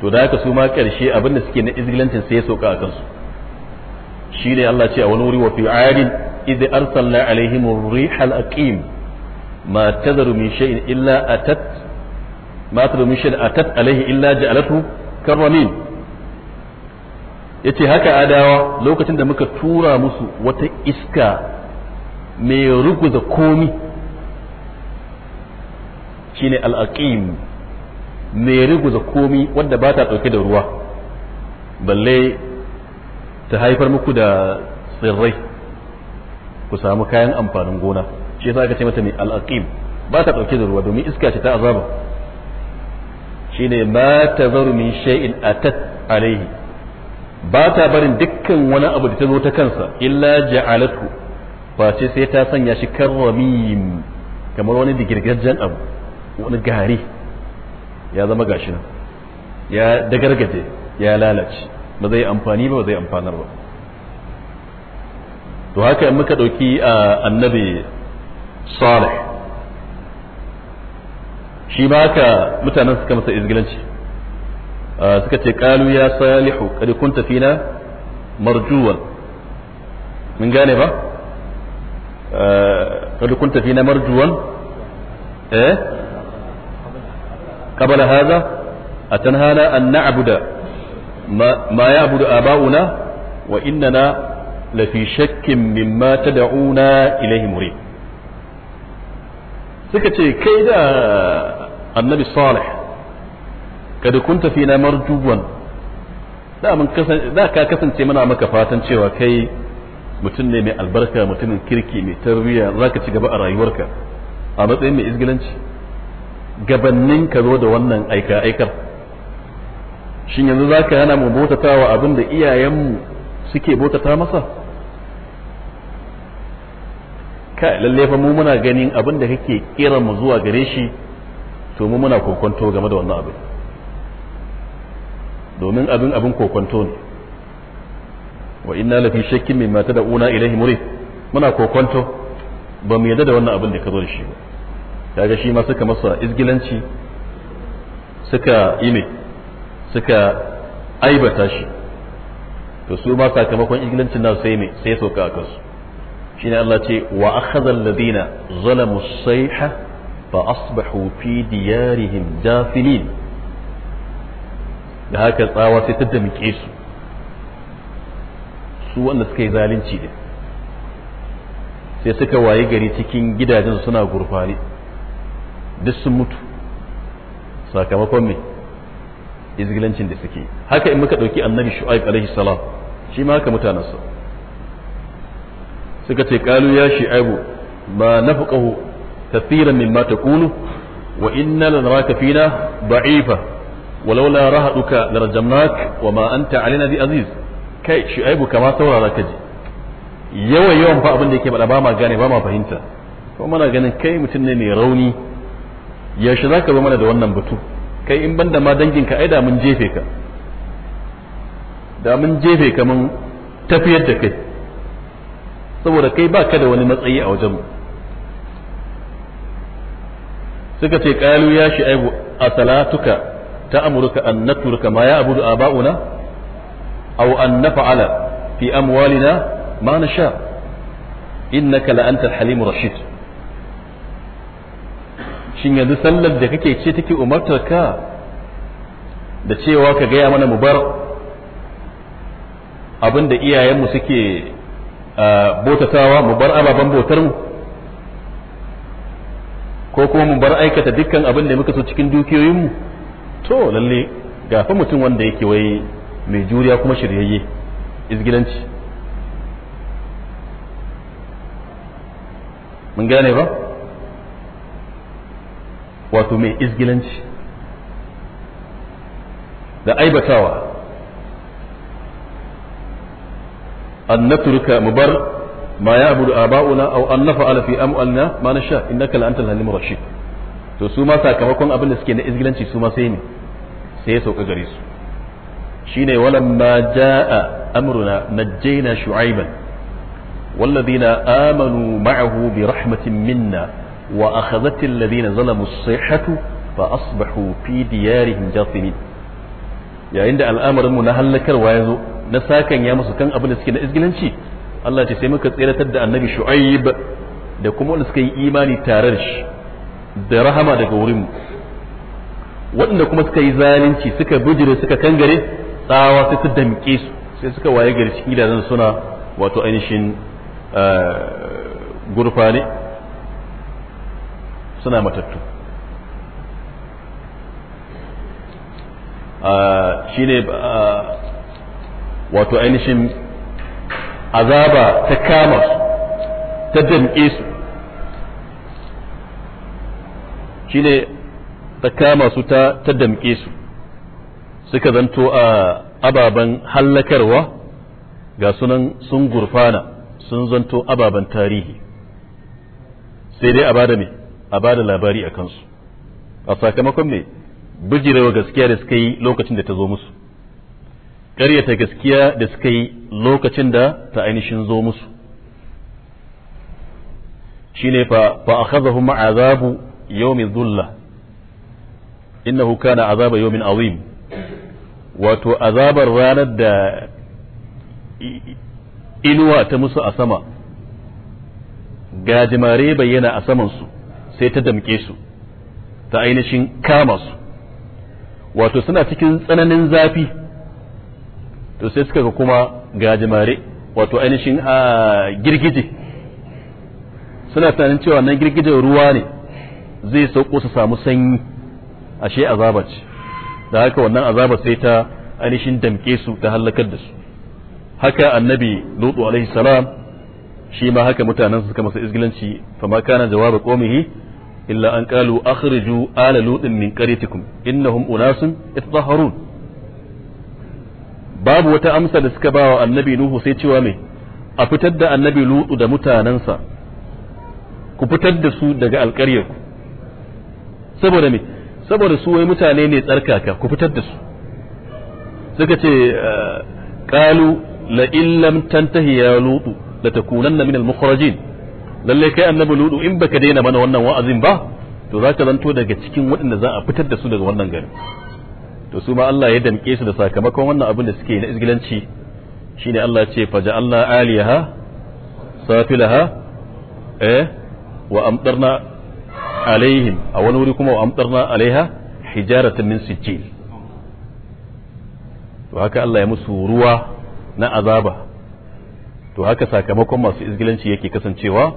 to da haka su ma karshe abin da suke na izgilancin sai ya sauka a kansu shi ne Allah ce a wani wuri wa fi ayadin idh alaihim aqim ma min shay'in illa atat ma min shay'in atat alaihi illa ja'alathu karramin Ya ce haka adawa lokacin da muka tura musu wata iska mai ruguza komi shine al-aqim mai ruguza komi wadda ba ta dauke da ruwa balle ta haifar muku da tsirrai ku samu kayan amfanin gona shi yasa aka ce mata mai al ba ta dauke da ruwa domin iska ce ta azaba shine ma tazaru min shay'in atat alaihi ba ta barin dukkan wani abu da ta zo ta kansa illa ja'alatu ba ce sai ta sanya shi karramin kamar wani digirgajen abu wani gari ya zama gashi nan ya dagargaje ya lalace ba zai amfani ba ba zai amfanar ba to haka in muka ɗauki annabi salih shi ba haka mutanen suka masa izgilanci suka ce kalu ya salihu kada kunta fina marjuwan mun gane ba kada kunta fina marjuwan eh qabla hadha atanhana an na'budu ma ya'budu aba'una wa innana lafi shakkin mimma tad'una ilayhi murid suka ce kai da annabi salih Ka kunta fina marjuwan da mun da ka kasance muna maka fatan cewa kai mutum ne mai albarka mutumin kirki mai tarbiyya zaka ci gaba a rayuwarka a matsayin mai izgilanci gabannin ka zo da wannan aika aikar shin yanzu zaka hana mu wa abin da iyayenmu suke bautata masa kai lalle fa mu muna ganin abin da kake kira mu zuwa gare shi to mu muna kokonto game da wannan abin domin abin abin kokonto ne wa inna lafi shakkin da una ilayhi muri muna kokonto ba mu yadda da wannan abin da ka zo da shi ba kaga shi ma suka masa izgilanci suka ime suka aibata shi to su ma sakamakon izgilancin nan sai me sai sauka a kansu shine Allah ce wa akhadha alladhina zalamu sayha fa asbahu fi diyarihim jafilin da haka tsawa sai ta damƙe su su wanda suka yi zalunci ne sai suka waye gari cikin gidajen suna gurfani duk sun mutu sakamakon mai izgilancin da suke haka in muka ɗauki annabi shu'aib alaihi salam shi ma haka mutanensa suka ce kalu ya shu'aibu ma nafqahu kathiran mimma taqulu wa inna lanaraka fina da'ifa walaula rahaduka larjamnak wa ma Ali alaina bi kai shu'aibu kama saurara kaji yawan yawan fa abin da yake bada ba ma gane ba ma fahimta ko mana ganin kai mutum ne mai rauni yaushe za ka zo mana da wannan batu kai in banda ma danginka da mun jefe ka da mun jefe ka mun tafiyar da kai saboda kai ba ka da wani matsayi a wajenmu suka ce kaluya ya a salatuka ta'muruka an natruka ma ya'budu aba'una aw an naf'ala fi amwalina ma nasha innaka la antal halimur rashid shin yanzu sallar da kake ce take umartar ka da cewa ka gaya mana mu bar abin da iyayenmu suke botatawa mu bar ababen botar mu ko kuma mu bar aikata dukkan abin da muka so cikin dukiyoyinmu to lalle ga mutum wanda yake wai mai juriya kuma shiryayye izgilanci mun gane ba wato mai izgilanci da aibatawa an naturka mu bar ma ya abu da aba'una au an nafa fi am'alna ma na sha innaka la antal halimur rashid to su ma sakamakon abin da suke na izgilanci su ma sai ne sai ya sauka gare su shine walamma jaa amruna najjayna shu'aiban والذين آمنوا معه برحمة منا وأخذت الذين ظلموا الصيحة فأصبحوا في ديارهم جاثمين يا عند الأمر من هلك الوازو نساكا يا مسكن أبو نسكن إزجلنشي الله تسيمك تسيرة تبدأ النبي شعيب da kuma wanda suka yi imani tare da shi da rahama daga wurinmu waɗanda kuma suka yi zalunci suka bijire suka kangare tsawa sai su damƙe su sai suka waye gari cikin gidajen suna wato ainihin eh, gurfane suna matattu ah, shi ne ah, wato ainihin azaba ta kama su ta damƙe su shine ta kama su ta ta damƙe su suka zanto a ababen hallakarwa ga sunan sun gurfana sun zanto ababen tarihi sai dai a bada me a bada labari a kansu a sakamakon me bijirewa gaskiya da suka yi lokacin da ta zo musu ƙaryata gaskiya da suka yi lokacin da ta ainihin zo musu shine fa fa akhadhahum azabu yawmin dhulla innahu kana azaba yawmin azim wato azabar ranar da inuwa ta musu a sama gajimare bayyana a samansu sai ta damke su ta ainihin kama su wato suna cikin tsananin zafi to sai suka ga kuma gajimare wato ainihin a ah, girgije suna tunanin cewa nan girgijen ruwa ne zai sauko su samu sanyi ashe azaba ce da haka wannan azaba sai ta ainihin damke su ta hallakar da su haka annabi lutu alaihi salam shi ma haka mutanen suka masa izgilanci fama kana jawaba qaumihi illa an qalu akhriju ala lutin min qaryatikum innahum unasun yatahharun babu wata amsa da suka bawa annabi nuhu sai cewa me a fitar da annabi lutu da mutanansa ku fitar da su daga alƙaryarku saboda me saboda su wai mutane ne tsarkaka ku fitar da su suka ce ah, qalu la illam tantahi ya lutu la takunanna min al mukhrajin lalle kai annabi lutu in baka daina mana wannan wa'azin ba to zaka zanto daga cikin waɗanda za a fitar da su daga wannan garin to su ma Allah ya damke su da sakamakon wannan abin da suke na izgilanci shine Allah ce faja'alna aliyaha safilaha eh wa amtarna alaihim a wani wuri kuma wa amtarna alaiha hijaratan min sijil to haka Allah ya musu ruwa na azaba to haka sakamakon masu izgilanci yake kasancewa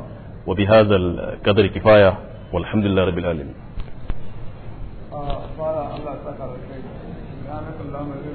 wa bi hadzal qadri kifaya walhamdulillahi rabbil alamin ah,